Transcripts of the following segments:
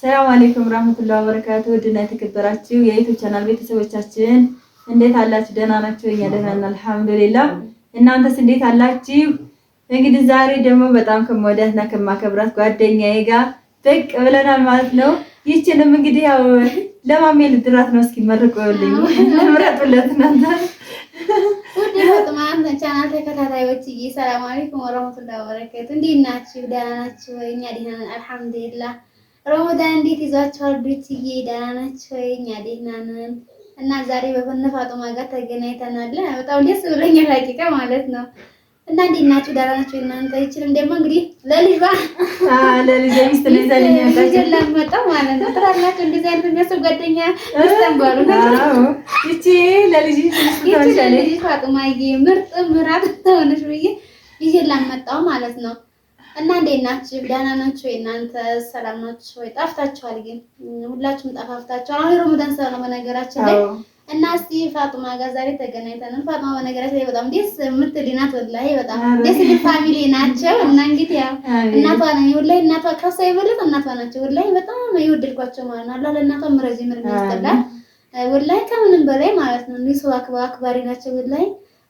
ሰላም አለይኩም ረህመቱላሂ ወበረካቱ። ውድና የተከበራችሁ የዩቲዩብ ቻናል ቤተሰቦቻችን እንዴት አላችሁ? ደህና ናችሁ? እኛ ደህና ነን አልሐምዱሊላህ። እናንተስ እንዴት አላችሁ? እንግዲህ ዛሬ ደግሞ በጣም ከመወዳትና ከማከብራት ጓደኛዬ ጋር ብቅ ብለናል ማለት ነው። ይችንም እንግዲህ ያው ለማሜ ልድራት ነው። እስኪ መርቁልኝ፣ ምረጡለት እናንተ ውድ ፋጡማን ቻናል ተከታታዮች ሰላም አለይኩም ወረህመቱላሂ ወበረካቱ። እንዴት ናችሁ? ደህና ናችሁ? እኛ ደህና ነን አልሐምዱሊላህ ረመዳን እንዴት ይዟችኋል? ቤትዬ ደህና ናችሁ ወይ? እኛ ደህና ነን። እና ዛሬ በፈነ ፋጡማ ጋር ተገናኝተናል። በጣም ደስ ብሎኛል ሀቂቃ ማለት ነው። እና እንዴት ናችሁ? ደህና ናችሁ? እናንተ ይችልም ደግሞ እንግዲህ ለልጅ ባ ማለት ነው። ትላላችሁ እንደዚህ አይነት የሚያስብ ጓደኛ ስተንባሉ ይቺ ለልጅ ይቺ ፋጡማዬ ምርጥ ምራት ተሆነች ብዬ ይዤ ማለት ነው እና እንዴት ናችሁ? ደህና ናችሁ? የእናንተ ሰላም ናችሁ ወይ? ጠፍታችኋል። ግን ሁላችሁም ጠፋፍታችኋል። አሁን ረመዳን ሰው በነገራችን ላይ እና እስቲ ፋጡማ ጋር ዛሬ ተገናኝተናል። ፋጡማ በነገራችን ላይ በጣም ደስ የምትል ናት፣ ወላሂ በጣም ደስ ይል ፋሚሊ ናቸው። እና እንግዲህ ያው እናቷ ነው ወላሂ፣ እናቷ ከሷ የበለጠ እናቷ ናቸው ወላሂ። በጣም የወደድኳቸው ማለት ነው። አላህ ለእናቷ ምረዚ ምርም ይስጥላል ወላሂ፣ ከምንም በላይ ማለት ነው። ንሱ አክባሪ ናቸው ወላሂ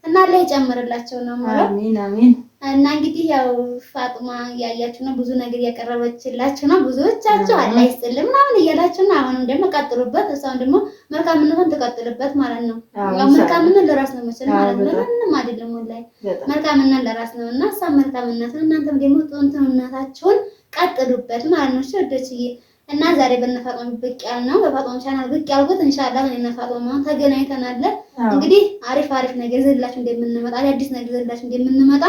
እና ላይ ጨምርላቸው ነው ማለት አሜን አሜን። እና እንግዲህ ያው ፋጥማ እያያችሁ ነው፣ ብዙ ነገር እያቀረበችላችሁ ነው። ብዙዎቻችሁ አላህ ይስጥልህ ምናምን እያላችሁ ነው። አሁንም ደግሞ ቀጥሉበት፣ እሷን ደግሞ መልካምነቱን ትቀጥልበት ማለት ነው። ያው መልካም ምን ለራስ ነው መሰለኝ ማለት ነው። ምንም አይደለም ወላሂ፣ ምን ለራስ ነው እና እሷ ነው፣ እናንተም ደግሞ ጥንቱን እናታችሁን ቀጥሉበት ማለት ነው። እሺ ወደችዬ እና ዛሬ በነፋጦም ብቅ ያል ነው በፋጦም ቻናል ብቅ ያልኩት እንሻላ ምን ነፋጦም አሁን ተገናኝተናል። እንግዲህ አሪፍ አሪፍ ነገር ዘላችሁ እንደምንመጣ አዲስ ነገር ዘላችሁ እንደምንመጣ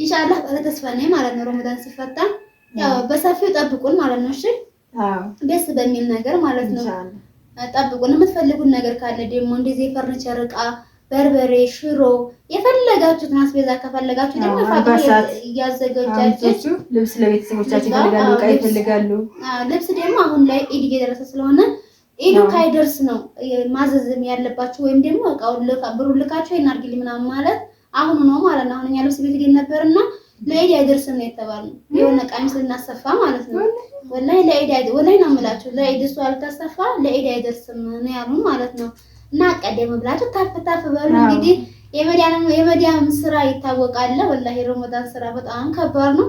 እንሻላ ባለ ተስፋ ነኝ ማለት ነው። ረመዳን ሲፈታ ያው በሰፊው ጠብቁን ማለት ነው። እሺ አዎ፣ ደስ በሚል ነገር ማለት ነው። ጠብቁን። የምትፈልጉን ነገር ካለ ደግሞ እንደዚህ ፈርኒቸር እቃ በርበሬ፣ ሽሮ የፈለጋችሁትን አስቤዛ ከፈለጋችሁ ደግሞ እያዘጋጃችሁ ልብስ ለቤተሰቦቻችን ይፈልጋሉ፣ ዕቃ ይፈልጋሉ። ልብስ ደግሞ አሁን ላይ ኢድ እየደረሰ ስለሆነ ኢዱ ካይደርስ ነው ማዘዝም ያለባችሁ ወይም ደግሞ እቃውን ብሩ ልካችሁ ይናርግል ምናምን ማለት አሁኑ ነው ማለት ነው። አሁን እኛ ልብስ ቤት ሄደን ነበርና ለኢድ አይደርስም ነው የተባለ የሆነ ቀሚስ ልናሰፋ ማለት ነው። ወላይ ለኢድ ወላይ ነው የምላችሁ ለኢድ እሱ አልተሰፋ ለኢድ አይደርስም ነው ያሉ ማለት ነው። እና ቀደም ብላችሁ ታፍ ታፍ በሉ እንግዲህ የመዲያም ስራ ይታወቃል። ወላሂ ረመዳን ስራ በጣም ከባድ ነው።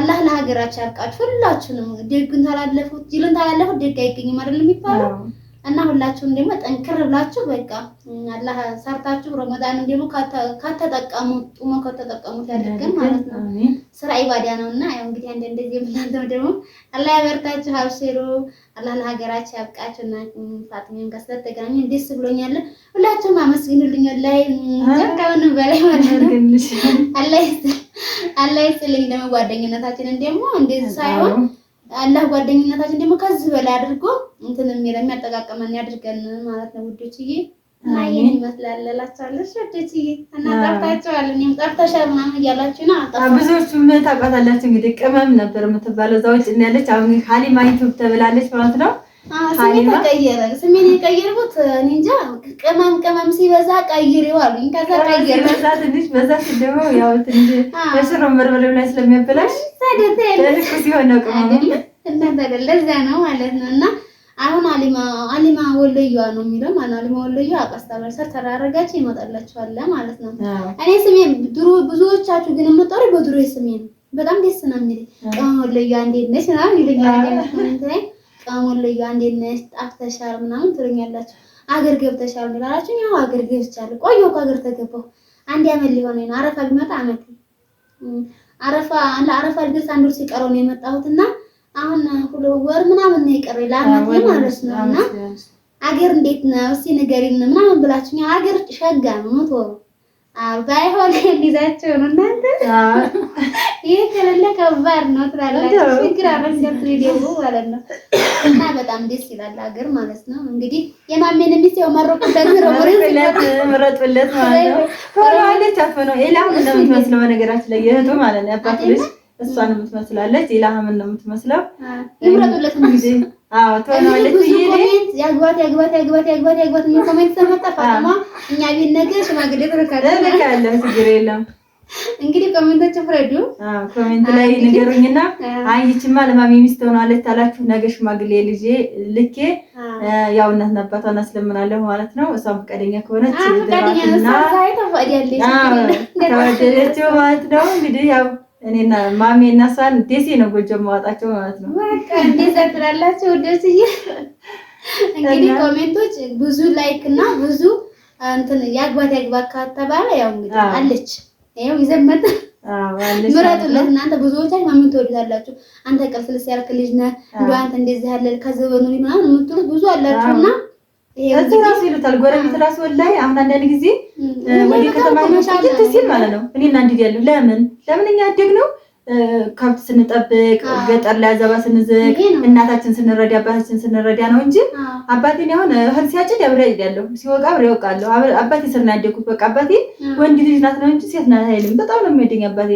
አላህ ለሀገራችን ያብቃችሁ። ሁላችሁንም ደግን ታላለፉት ጅልን ታላለፉት ደግ አይገኝም አይደለም የሚባለው እና ሁላችሁም ደግሞ ጠንክር ብላችሁ በቃ አላህ ሰርታችሁ ረመዳንን ደግሞ ከተጠቀሙት ጡሞ ከተጠቀሙት ያደርገን ማለት ነው። ስራ ኢባዳ ነውና ያው እንግዲህ አንድ እንደዚህ የምናለው ደግሞ አላህ ያበርታችሁ፣ አብሽሩ። አላህ ለሀገራችሁ ያብቃችሁ። እና ፋጥሚን ጋር ስለተገናኘን ደስ ብሎኛል። ሁላችሁም አመስግኑልኝ ላይ ጀካውን በላይ ማለት ነው። አላህ ይስጥልኝ ደግሞ ጓደኝነታችንን ደግሞ እንደዚህ ሳይሆን አላህ ጓደኝነታችን ደግሞ ከዚህ በላይ አድርጎ እንትን የሚለ የሚያጠቃቀመን ያድርገን ማለት ነው ውዶችዬ። እና ይህን ይመስላል እላቸዋለሁ ውዶችዬ። እና ጠርታቸዋል እኔም ጠርተሻል ምናምን እያላችሁ ነው። ብዙዎቹ ምን ታውቃታላችሁ እንግዲህ ቅመም ነበር የምትባለው እዛ ውጭ ያለች አሁን ሀሊማ ዩቱብ ተብላለች ማለት ነው ስሜን የቀየርኩት እኔ እንጃ። ቅመም ቅመም ሲበዛ ቀይሬው አሉኝ። ከዛ ቀይሬ በዛ ትንሽ በዛ ሲደመው ያው ትንሽ በሽሮ በርበሬው ላይ ስለሚያበላሽ ልክ ሲሆን ነው ቅመሙ እንደዛ ነው ማለት ነው። እና አሁን አሊማ አሊማ ወሎየዋ ነው የሚለው ማለት አሊማ ወሎየዋ አቀስታ በርሰር ተራረጋችሁ ይመጣላችኋል ማለት ነው። እኔ ስሜ ድሮ ብዙዎቻችሁ ግን የምጠሩ በድሮ ስሜ ነው። በጣም ደስ ነው የሚለኝ ቅመም ወሎየዋ እንዴት ነች ምናምን ይለኛል። ቀሞልዩ አንዴት ነሽ ጣፍተሻል ምናምን ትሉኛላችሁ። አገር ገብተሻል ምላላችሁ። ያው አገር ገብቻለሁ። ቆየሁ እኮ አገር ተገባሁ አንድ አመት ሊሆነኝ ነው። አረፋ ቢመጣ አመት አረፋ ለአረፋ ልደርስ አንድ ወር ሲቀረው ነው የመጣሁትና አሁን ሁሉ ወር ምናምን ነው የቀረኝ ለአመት ማለት ነው። እና አገር እንዴት ነው እስኪ ንገሪን ምናምን ብላችሁ ያው አገር ሸጋ ነው የምትወሩ ባይሆን ሊዛቸው ነው እናንተ። ይሄ ከሌለ ከባድ ነው ትላላችሁ። ችግር አረንገት ሊደቡ ማለት ነው። እና በጣም ደስ ይላል ሀገር ማለት ነው። እንግዲህ የማሜን ሚስት ያው መረቁበት ምረጡለት ማለት ነው። ነው ሌላ ምን ነው በነገራችን ላይ የእህቱ ማለት ነው ያባት እሷን የምትመስላለች ኢላህምን ነው የምትመስለው። ይምረጡለት ነው አዎ ተወለች። ይሄ ያግባት ያግባት ያግባት ያግባት ያግባት ነው ኮሜንት ተመጣ እኛ ቤት ነገ ሽማግሌ ተረካለ ተረካለ ችግር የለም። እንግዲህ ኮሜንቶች ፍረዱ። አዎ ኮሜንት ላይ ንገሩኝና አይቺማ ለማሚ ሚስት ሆናለች ታላችሁ ነገ ሽማግሌ ልጄ ልኬ ያው እናትና አባቷን አስለምናለሁ ማለት ነው። እሷም ፈቃደኛ ከሆነች ፈቃደኛ ነው ማለት ነው እንግዲህ ያው እኔና ማሜ እና እሷን ደሴ ነው ጎጆ ማዋጣቸው ማለት ነው። በቃ እንደዛ ትላላችሁ። ደስ እንግዲህ ኮሜንቶች ብዙ ላይክ እና ብዙ እንትን ያግባት ያግባት ከተባለ ያው እንግዲህ አለች ይሄው ይዘመተ ምረጡለት እናንተ ብዙዎቻችሁ ማምን ትወዱታላችሁ። አንተ ቀልስልስ ያልክ ልጅ ነህ እንደው አንተ እንደዚህ ያለ ከዘበኑ ምናምን የምትሉት ብዙ አላችሁና እዚህ ራሱ ይሉታል ጎረቤት ራሱ ወላሂ አሁን አንዳንድ ጊዜ ወደ ከተማ ይመጣል ሲል ማለት ነው። እኔና እና እንዲህ ያለው ለምን ለምን እኛ አደግ ነው ከብት ስንጠብቅ ገጠር ላይ አዛባ ስንዝቅ እናታችን ስንረዳ አባታችን ስንረዳ ነው እንጂ አባቴን አሁን እህል ሲያጭድ አብሬ አጭዳለሁ፣ ሲወቃ አብሬ እወቃለሁ። አባቴ ስር ነው ያደግኩት። በቃ አባቴ ወንድ ልጅ ናት ነው እንጂ ሴት ናት አይልም። በጣም ነው የሚወደኝ አባቴ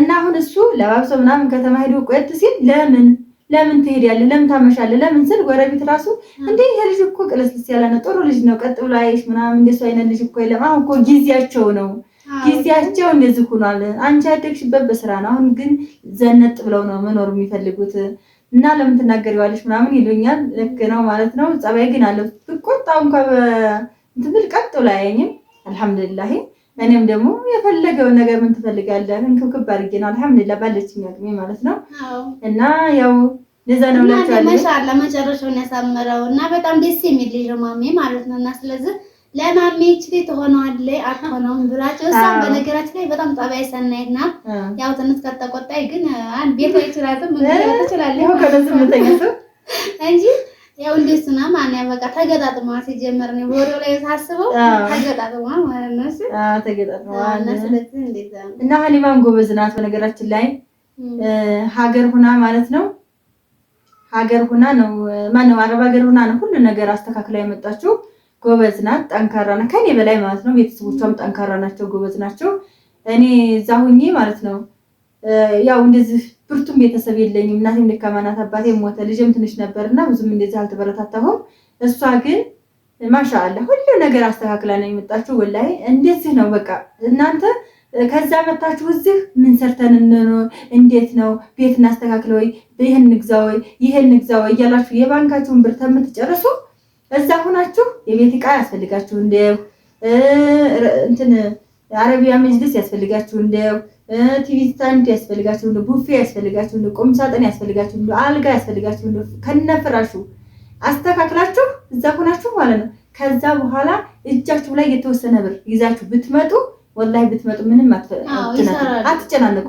እና አሁን እሱ ለባብሶ ምናምን ከተማ ሄዶ ቆየት ሲል ለምን ለምን ትሄዳለህ? ለምን ታመሻለህ? ለምን ስል ጎረቤት ራሱ እንዴ ይሄ ልጅ እኮ ቅልስልስ ያለ ነው፣ ጥሩ ልጅ ነው፣ ቀጥ ብሎ አይሽ ምናምን እንደሱ አይነት ልጅ እኮ የለም። አሁን እኮ ጊዜያቸው ነው፣ ጊዜያቸው እንደዚህ ሆኗል። አንቺ ያደግሽበት በስራ ነው። አሁን ግን ዘነጥ ብለው ነው መኖር የሚፈልጉት እና ለምን ትናገሪዋለሽ ምናምን ይሉኛል። ልክ ነው ማለት ነው። ጸባይ ግን አለ። ብቆጣ እንኳ እንትን ብል ቀጥ ብሎ አያየኝም። አልሐምዱሊላህ እኔም ደግሞ የፈለገው ነገር ምን ትፈልጋለህ? እንክብክብ ነው አልሐምዱሊላህ ባለችኝ አቅሜ ማለት ነው። እና ያው ለዛ ነው ለመጨረሻውን ያሳመረው እና በጣም ደስ የሚል ልጅ ማሜ ማለት ነው። እና ስለዚህ ለማሜ እቺ ትሆነዋለ አትሆነውም ብላቸው እሷ በነገራችን ላይ በጣም ጠባይ ሰናይት ናት። ያው ትንሽ ከተቆጣይ ግን አንድ ቤት ላይ ይችላል እንግዲህ ትችላለህ እንጂ ያው እንዴት ነው ማነው በቃ ተገጣጥማ ሲጀመር ነው ወሬው ላይ ሳስበው ተገጣጥማ ማለት ነው። እሺ አዎ ተገጣጥማ እና ሀሊማም ጎበዝ ናት። በነገራችን ላይ ሀገር ሁና ማለት ነው ሀገር ሁና ነው ማነው አረብ ሀገር ሁና ነው ሁሉ ነገር አስተካክላ የመጣችው። ጎበዝ ናት፣ ጠንካራ ናት፣ ከኔ በላይ ማለት ነው። ቤተሰቦቿም ጠንካራ ናቸው፣ ጎበዝ ናቸው። እኔ እዛ ሁኜ ማለት ነው ያው እንደዚህ ብርቱም ቤተሰብ የለኝም። እናቴም ደካማ ናት፣ አባቴም ሞተ፣ ልጅም ትንሽ ነበርና ብዙም እንደዚህ አልተበረታታሁም። እሷ ግን ማሻአላ ሁሉ ነገር አስተካክላ ነው የመጣችሁ። ወላሂ እንደዚህ ነው በቃ እናንተ ከዛ መታችሁ እዚህ ምን ሰርተን እንኖር፣ እንዴት ነው ቤት እናስተካክለ ወይ፣ ይህን ንግዛ ወይ፣ ይህን ንግዛ ወይ እያላችሁ የባንካችሁን ብር ተምትጨርሱ እዛ ሁናችሁ የቤት እቃ ያስፈልጋችሁ እንደው እንትን አረቢያ መጅልስ ያስፈልጋችሁ እንደው ቲቪ ስታንድ ያስፈልጋችሁ እንደ ቡፌ ያስፈልጋችሁ እንደ ቁም ሳጥን ያስፈልጋችሁ እንደ አልጋ ያስፈልጋችሁ እንደ ከነፍራሹ አስተካክላችሁ እዛ ሆናችሁ ማለት ነው። ከዛ በኋላ እጃችሁ ላይ የተወሰነ ብር ይዛችሁ ብትመጡ ወላሂ ብትመጡ ምንም አትጨናነቁ።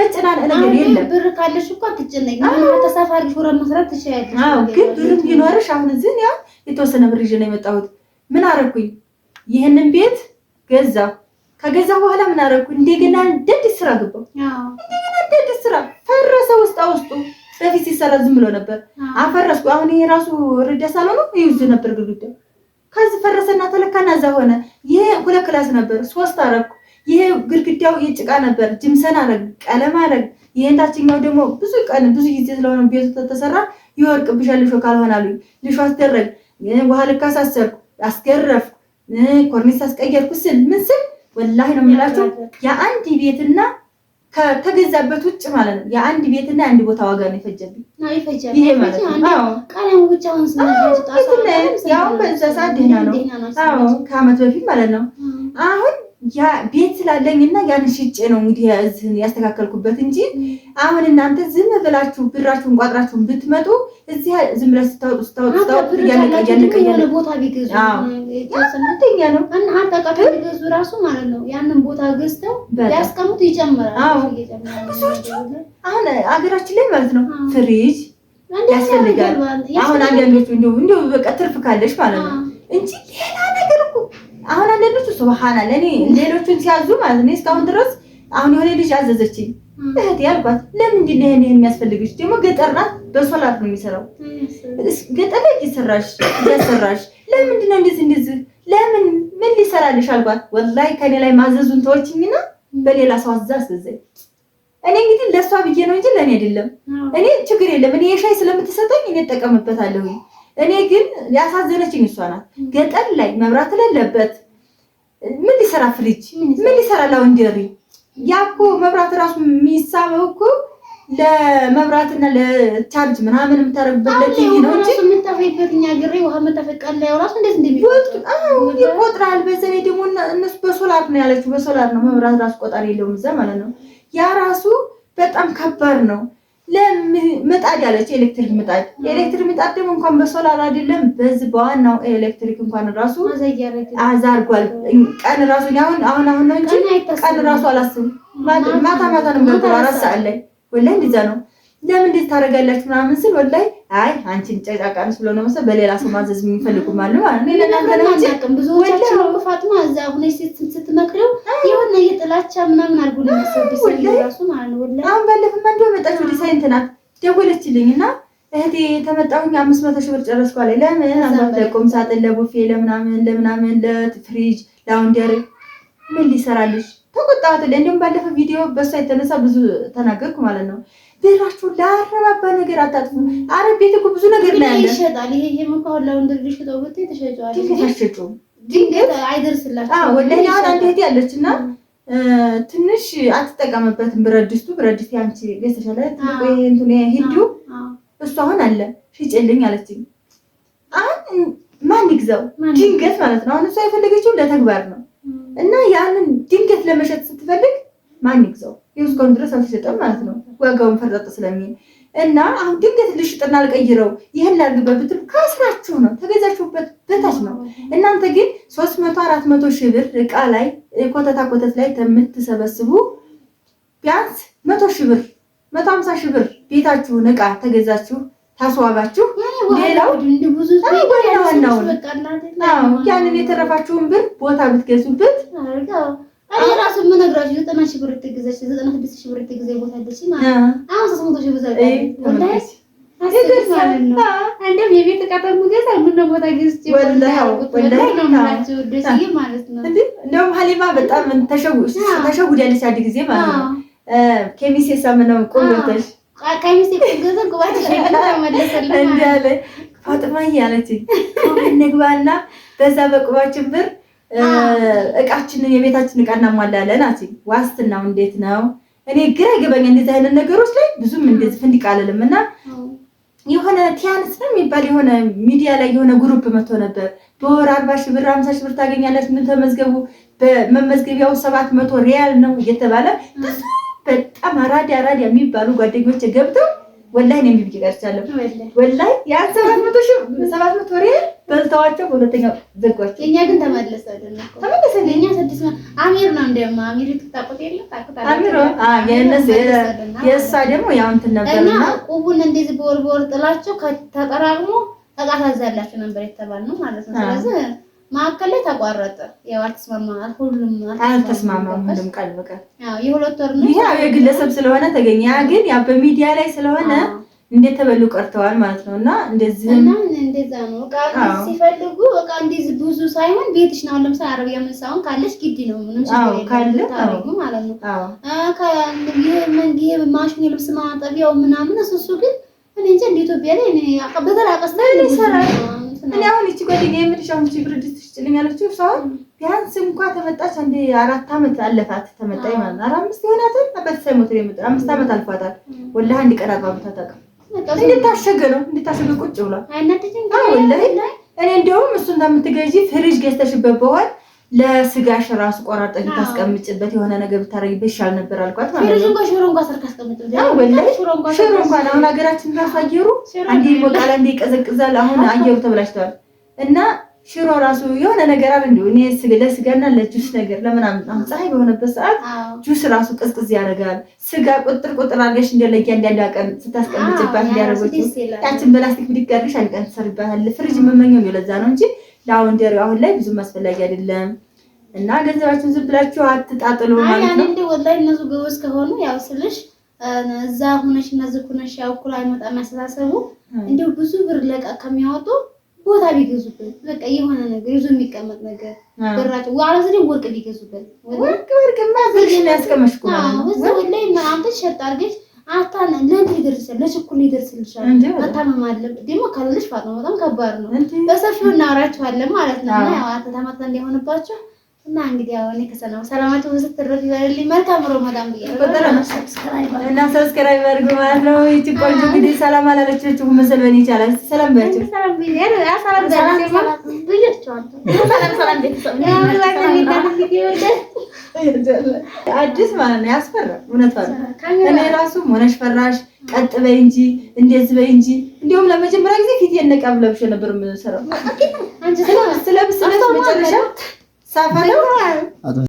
መጨናነቅ ነገር የለም። ብር ካለሽ እኮ አትጨነቂ። ተሳፋሪ ሹረ መስራት ትችያለሽ። ግን ብርም ቢኖርሽ አሁን እዚህ ያው የተወሰነ ብር ይዤ ነው የመጣሁት። ምን አረኩኝ? ይህንን ቤት ገዛሁ። ከገዛሁ በኋላ ምን አረኩኝ? እንደገና ደድ አዲስ ስራ ገባ። እንደገና ስራ ፈረሰ። ውስጣ ውስጡ በፊት ሲሰራ ዝም ብሎ ነበር። አፈረስኩ። አሁን ይሄ ራሱ ርዳ ሳልሆነ ይውዝ ነበር ግድግዳ። ከዚህ ፈረሰና ተለካና እዛ ሆነ። ይሄ ሁለት ክላስ ነበር፣ ሶስት አረግኩ። ይሄ ግድግዳው የጭቃ ነበር፣ ጅምሰን አረግ፣ ቀለም አረግ። ይሄ እንዳችኛው ደግሞ ብዙ ቀን ብዙ ጊዜ ስለሆነ ቤቱ ልሾ ካልሆነ አሉኝ። ልሾ አስደረግ፣ ውሃ አስገረፍኩ፣ ኮርኒስ አስቀየርኩ ስል ምን ስል ወላሂ ነው የሚላችሁ የአንድ ቤትና ከተገዛበት ውጭ ማለት ነው። የአንድ ቤትና የአንድ ቦታ ዋጋ ነው የፈጀብኝ። ይሄ ማለት ነው ነው ከአመት በፊት ማለት ነው አሁን ያ ቤት ስላለኝና ያን ሽጬ ነው እንግዲህ ያስተካከልኩበት እንጂ አሁን እናንተ ዝም ብላችሁ ብራችሁን ቋጥራችሁን ብትመጡ እዚህ ዝም ብለህ ስታወጡ ስታወጡ ስታወጡ እያለቀ ቦታ ቢገዙ አንደኛ ነው እና አጠቃ ቢገዙ ራሱ ማለት ነው ያንን ቦታ ገዝተው ያስቀምጡ፣ ይጨምራል። ብዙዎቹ አሁን አገራችን ላይ ማለት ነው ፍሪጅ ያስፈልጋል። አሁን አንዳንዶቹ እንዲሁ እንዲሁ በቃ ትርፍ ካለሽ ማለት ነው እንጂ ሌላ አሁን አንዳንዶቹ ስብሃና ለኔ ሌሎቹን ሲያዙ ማለት ነው። እስካሁን ድረስ አሁን የሆነ ልጅ አዘዘችኝ እህት ያልኳት ለምንድን ነው ይሄን የሚያስፈልግሽ? ደግሞ ገጠር ናት፣ በሶላት ነው የሚሰራው። ገጠር ላይ እየሰራሽ እያሰራሽ ለምንድን ነው እንደዚህ እንደዚህ ለምን ምን ሊሰራልሽ አልኳት። ወላሂ ከኔ ላይ ማዘዙን ተወችኝና በሌላ ሰው አዛ አስዘዘኝ። እኔ እንግዲህ ለእሷ ብዬ ነው እንጂ ለእኔ አይደለም። እኔ ችግር የለም እኔ የሻይ ስለምትሰጠኝ እኔ እጠቀምበታለሁ። እኔ ግን ያሳዘነችኝ እሷ ናት። ገጠር ላይ መብራት ለለበት ምን ሊሰራ ፍሪጅ፣ ምን ሊሰራ ላውንደሪ። ያ እኮ መብራት ራሱ የሚሳበው እኮ ለመብራትና ለቻርጅ ምናምን የምታረግበት ነው እንጂ የምታፈይበትኛ ግሬ ውሃ መታፈቃለ ያው ራሱ እንደዚህ እንደሚቆጥ ይቆጥራል። በዘኔ ደግሞ እነሱ በሶላር ነው ያለችው፣ በሶላር ነው መብራት ራሱ ቆጣሪ የለውም እዛ ማለት ነው። ያ ራሱ በጣም ከባድ ነው። ምጣድ ያለች ኤሌክትሪክ ምጣድ የኤሌክትሪክ ምጣድ ደግሞ እንኳን በሶላር አይደለም በዚህ በዋናው ኤሌክትሪክ እንኳን ራሱ አዛርጓል። ቀን ራሱ አሁን አሁን አሁን ነው እንጂ ቀን ራሱ አላስብም። ማታ ማታ ነው አራት ሰዓት ላይ ወላሂ እንደዚያ ነው። ለምን እንዴት ታደርጋላችሁ ምናምን ስል ወላይ አይ አንቺን ጨጫቃንስ ብሎ ነው መሰለኝ በሌላ ሰው ማዘዝ የሚፈልጉ ማለት ነው። እኔ ለእናንተ ነው እንጂ ብዙዎቻችን ፋጥማ እዛ ሁነ ሴት ስትመክረው የሆነ የጥላቻ ምናምን አድርጎ ነው መሰለኝ ሲል ራሱ ማለት ነው። ወላይ አሁን ባለፈው እንደው መጣች ወደ ሳይንት ናት ደወለችልኝና እህቴ ተመጣሁኝ አምስት መቶ ሺህ ብር ጨረስኩ አለኝ። ለምን አንተ ለቁም ሳጥን ለቡፌ ለምናምን ለምናምን ለፍሪጅ ላውንደሪ ምን ሊሰራልሽ ተቆጣሁት። እንደውም ባለፈ ቪዲዮ በእሷ የተነሳ ብዙ ተናገርኩ ማለት ነው። ብራችሁ ለአረባባ ነገር አታጥፉ። አረ ቤት እኮ ብዙ ነገር ነው ያለ ይሸጣል። ይሄ ይሄም እኮ አሁን ለወንድ ልጅ ሽጠው ብታይ ተሸጫዋል። ተሸጩ ድንገት አይደርስላችሁ። አዎ ወላሂ አሁን አንድ እህቴ ያለች እና ትንሽ አትጠቀምበትም። ብረት ድስቱ ብረት ድስት ያንቺ ይሄ እንትኑ ሂዱ እሱ አሁን አለ ሽጭልኝ አለችኝ። አሁን ማን ይግዛው ድንገት ማለት ነው። አሁን እሷ የፈለገችው ለተግባር ነው እና ያንን ድንገት ለመሸጥ ስትፈልግ ማን ይግዛው? የውስጥ ድረስ አልተሸጠም ማለት ነው። ዋጋውን ፈርጠጥ ስለሚል እና አሁን ድንገት ልሽጥና አልቀይረው ይህን ላድርግበት ብትሉ ከስራችሁ ነው፣ ተገዛችሁበት በታች ነው። እናንተ ግን ሶስት መቶ አራት መቶ ሺህ ብር እቃ ላይ ኮተታ ኮተት ላይ የምትሰበስቡ ቢያንስ መቶ ሺህ ብር መቶ ሀምሳ ሺህ ብር ቤታችሁን እቃ ተገዛችሁ ታስዋባችሁ ሌላው ያንን የተረፋችሁን ብር ቦታ ብትገዙበት እኔ ራሱ የምነግራችሁ ዘጠና ሺህ ብር ትግዛሽ ዘጠና ስድስት ሺህ ብር ትግዛ ቦታ አለች ማለት ነው። አሁን ሦስት መቶ ሺህ ብር እንደውም የቤት ዕቃ ገዛ ምነው ቦታ ገዝቼ ማለት ነው። እንደውም ሀሊማ በጣም ተሸጉዳለች አንድ ጊዜ ማለት ነው። ከሚሴ ሳምናው ቆሎተሽ ቀሚሴ ገዛ ጉባት መለሰልኝ እንዳለ ፋጥማ እያለችኝ እንግባና በዛ በቁባችን ብር እቃችንን የቤታችን እቃ እናሟላለን አሲ ዋስትናው እንዴት ነው? እኔ ግራ ገባኝ። እንደዚህ አይነት ነገሮች ላይ ብዙም እንደዚህ ፍንድቅ አልልም እና የሆነ ቲያንስ ነው የሚባል የሆነ ሚዲያ ላይ የሆነ ግሩፕ መጥቶ ነበር። በወር አርባ ሺህ ብር አምሳ ሺህ ብር ታገኛለች። ምን ተመዝገቡ፣ በመመዝገቢያው ሰባት መቶ ሪያል ነው እየተባለ ብዙ በጣም አራዲ አራዲ የሚባሉ ጓደኞች ገብተው ወላይ ነው የሚብቅ ቀርቻለሁ። ወላይ ያን ሰባት መቶ ሺህ ሰባት መቶ ሪያል በልተዋቸው በሁለተኛው ዘጓቸው። የእኛ ግን ተመለሰ ተመለሰ። የእኛ ስድስት አሚር ነው እንደማ አሚር ትታቆት የለ አሚር የእሷ ደግሞ ያው እንትን ነበር እና ቁቡን እንደዚህ በወር በወር ጥላቸው ተጠራቅሞ ተቃሳዛላቸው ነበር የተባል ነው ማለት ነው። ስለዚህ መሀከል ላይ ተቋረጠ። ያው አልተስማማ ሁሉም አልተስማማም። ሁሉም ቀልብ ቀል የሁለት ወር ነው። ይሄ የግለሰብ ስለሆነ ተገኘ። ያ ግን ያ በሚዲያ ላይ ስለሆነ እንደተበሉ ቀርተዋል ማለት ነው። እና እንደዚህ እና እንደዛ ነው እቃ ሲፈልጉ እቃ እንደዚህ ብዙ ሳይሆን ቤትሽ ነው። ለምሳሌ አረቢያ ምሳውን ካለሽ ግድ ነው ምንም ታደርጉ ማለት ነው። ይህ ማሽን የልብስ ማጠቢያው ምናምን እሱ እሱ ግን እኔ እንጃ እንደ ኢትዮጵያ ላይ በተራቀስታ ይሰራል። እኔ አሁን ይቺ ጓደኛዬ የምልሽ አሁን ቺ ብርድ ድስት ያለችው ሰው ቢያንስ እንኳ ተመጣች አንዴ አራት ዓመት አለፋት ተመጣኝ ማለት ነው። አራት አምስት ይሆናታል። አባት ሳይሞት ነው የመጣው። አምስት ዓመት አልፏታል። ወላሂ አንድ ቀን አቅባብታ ታውቅም እንደታሸገ ነው እንደታሸገ ቁጭ ብሏል። እኔ እንደውም እሱ እንደምትገዢ ፍሪጅ ገዝተሽበት በኋላ ለስጋሽ ራሱ ቆራርጠሽ ታስቀምጭበት የሆነ ነገር ብታረጊበት ይሻል ነበር አልኳት ማለት ነው። ሽሮ እንኳን አሁን ሀገራችን ራሱ አየሩ አንዴ ይሞቃል፣ አንዴ ይቀዘቅዛል። አሁን አየሩ ተብላሽተዋል እና ሽሮ ራሱ የሆነ ነገር አለ እንዴ? እኔ ለስጋና ለጁስ ነገር ለምናምን አሁን ፀሐይ በሆነበት ሰዓት ጁስ ራሱ ቅዝቅዝ ያደርጋል። ስጋ ቁጥር ቁጥር አድርገሽ እንደ ለጊያ እንዳዳቀን ስታስቀምጭባት እንዲያደርጉት ያችን በላስቲክ ብድጋርሽ አንቀን ትሰርባታል። ፍሪጅ መመኘው ለዛ ነው እንጂ ላውንደሪ አሁን ላይ ብዙም አስፈላጊ አይደለም። እና ገንዘባችሁን ዝም ብላችሁ አትጣጥሉ ማለት ነው። እንዴ ወላሂ እነዚህ ግብስ ከሆኑ ያው ስልሽ እዛ ሁነሽ እነዚህ ሁነሽ ያው እኩል አይመጣም ያስተሳሰቡ እንደው ብዙ ብር ለቃ ከሚያወጡ ቦታ ቢገዙበት በቃ የሆነ ነገር ይዞ የሚቀመጥ ነገር በራጭ ዋላስ ደግሞ ወርቅ ቢገዙበት ወርቅ ወርቅ ማዘር የሚያስቀምጥኩ ነው። እዛው ላይ ማምጥ ሸጥ አድርገሽ አታን ለምን ይደርስልሻል? ለችኩል ይደርስልሻል። መታመም ደግሞ ካለልሽ ፋጥ በጣም ከባድ ነው። በሰፊው እናወራችኋለን ማለት ነው። ያው አተታማታ እንዲሆንባችሁ እና እንግዲህ አሁን ከሰላም ሰላማችሁ ብዙ ትርፍ ይበልልኝ። መልካም ሮማዳን ብያለሁ። እና ሰብስክራይብ አድርጉ ማለት ነው። እቺ ቆንጆ እንግዲህ ሰላም አላለችሁም መሰል በኔ ይቻላል። ሰላም ሰላም ሰላም ሰላም ሰላም አዲስ ማለት ነው ያስፈራ። እውነት እኔ ራሱ ሆነሽ ፈራሽ ቀጥ በይ እንጂ እንዴት በይ እንጂ። እንዲሁም ለመጀመሪያ ጊዜ ፊት ለብሼ ነበር የምሰራው ስለብስ ስለብስ መጨረሻ Só pra não.